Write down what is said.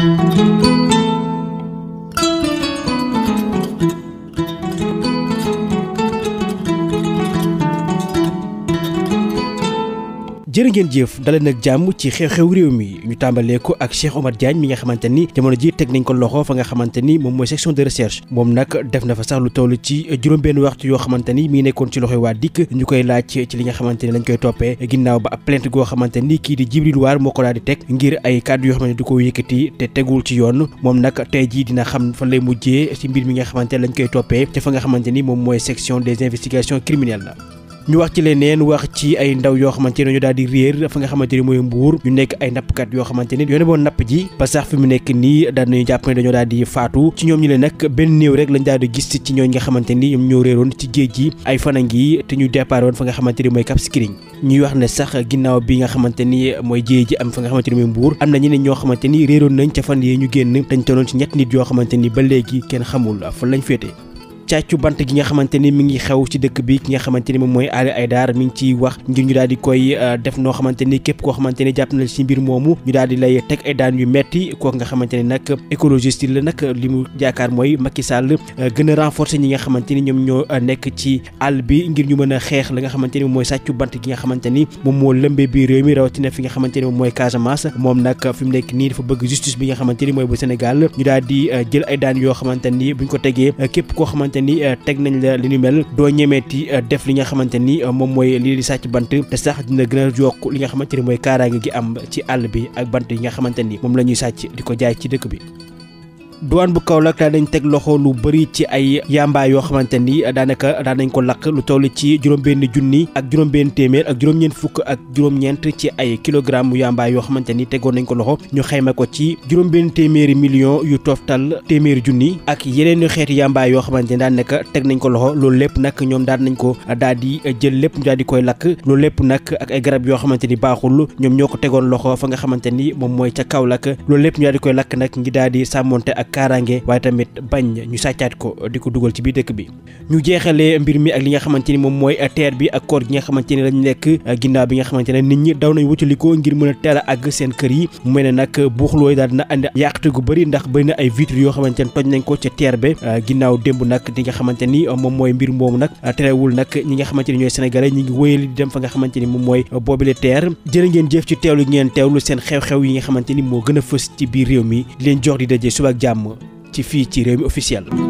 thank you jërë ngeen jëf dalee nag jàmm ci xew-xew réew mi ñu tàmbalee ko ak Cheikh Omar jaañ mi nga xamante ni jamono ji teg nañ ko loxo fa nga xamante ni moom mooy section de recherche moom nag def na fa sax lu toll ci juróom benn waxtu yoo xamante ni mi nekkoon ci loxoy waa dikk ñu koy laaj ci li nga xamante ni lañ koy toppee ginnaaw ba ab plainte goo xamante ni kii di Djibril War moo ko daal di teg ngir ay kàddu yoo xamante ni du ko yëkkati te tegul ci yoon moom nag tey jii dina xam fan lay mujjee ci mbir mi nga xamante ni lañ koy toppee te fa nga xamante ni moom mooy section des investigations criminelles la ñu wax ci leneen wax ci ay ndaw yoo xamante ne daal di réer nga xamante ni mooy mbuur ñu nekk ay nappkat yoo xamante ni yoone boon napp ji ba sax fi mu nekk nii daan nañu jàpp ne dañoo daal di ñoom ñi le nag benn néew lañ daal di gis ci ñooñ nga xamante ni ñoom ñoo réeroon ci géej gi ay te ñu départ woon fa nga xamante ni mooy Cap Skirring ñuy wax ne sax ginnaaw bi nga xamante ni mooy géej am fa nga xamante ni mooy mbuur am na ñeneen ñoo xamante ni réeroon nañ ca fan yee ñu génn dañ tonoon ci ñett nit yoo xamante ni ba léegi kenn xamul fa lañ féete càccu bant gi nga ni mi ngi xew ci dëkk bi ki nga xamante ni moom mooy Ali Aydar koy def xamante ni képp koo xamante ni jàpp na ci mbir moomu ñu daal ay daan yu metti kooku nga xamante ni nag écologiste la li mu yaakaar mooy Macky Sall gën a renforcer ñi nga xamante ni ñoom ñoo nekk ci àll bi ngir ñu mën a xeex la nga xamante ni mooy sàccu bant gi nga xamante ni moom moo lëmbee biir réew mi rawatina fi nga xamante ni mooy Casamance moom nag fi mu nekk nii dafa bëgg justice bi nga xamante ni mooy bu Sénégal ñu daal di jël ay daan yoo xamante ni buñ ko tegee képp koo xamante ni euh, teg nañ la li ni mel doo ñemeeti euh, def li nga xamante ni euh, moom mooy lii di sàcc bant te sax dina gën a yokk li nga xamante ni mooy kaaraange gi am ci àll bi ak bant yi nga xamante ni moom la ñuy sàcc di ko jaay ci dëkk bi douane bu Kaolack daa teg loxo lu bëri ci ay yamba yoo xamante ni daanaka daa nañ ko lakk lu toll ci juróom-benn junni ak juróom-benn téeméer ak juróom-ñeent fukk ak juróom-ñeent ci ay kilogramme yamba yoo xamante ni tegoon nañ ko loxo ñu xayma ko ci juróom-benn téeméeri million yu toftal téeméeri junni ak yeneen xeetu yamba yoo xamante ni daanaka teg nañ ko loxo loolu lépp nag ñoom daan nañ ko daal di jël lépp daal di koy lakk loolu lépp nag ak ay yoo xamante ni baaxul ñoom ñoo ko tegoon loxo fa nga xamante ni moom mooy ca Kaolack loolu lépp ñu koy lakk nag ngi daal di sàmmonte ak ak kaaraange waaye tamit bañ ñu sàccaat ko di ko dugal ci biir dëkk bi ñu jeexalee mbir mi ak li nga xamante ni moom mooy teer bi ak koor gi nga xamante ni lañ nekk ginnaaw bi nga xamante ne nit ñi daw nañ wutalikoo ngir mën a teel a àgg seen kër yi mu mel ne nag buuxlooyu ay vitre yoo xamante ne toj ko ca teer be ginnaaw démb nag di nga xamante ni moom mooy mbir moomu nag terewul nag ñi nga xamante ni ñooy sénégalais ñi ngi wéyal di dem fa nga xamante ni moom mooy boobile teer jërë ngeen jëf ci teewlu ngeen teewlu seen xew-xew yi nga xamante ni moo gën a fës ci biir réew mi leen jox di daje suba ak jàmm jàmm ci fii ci Rewmi officiel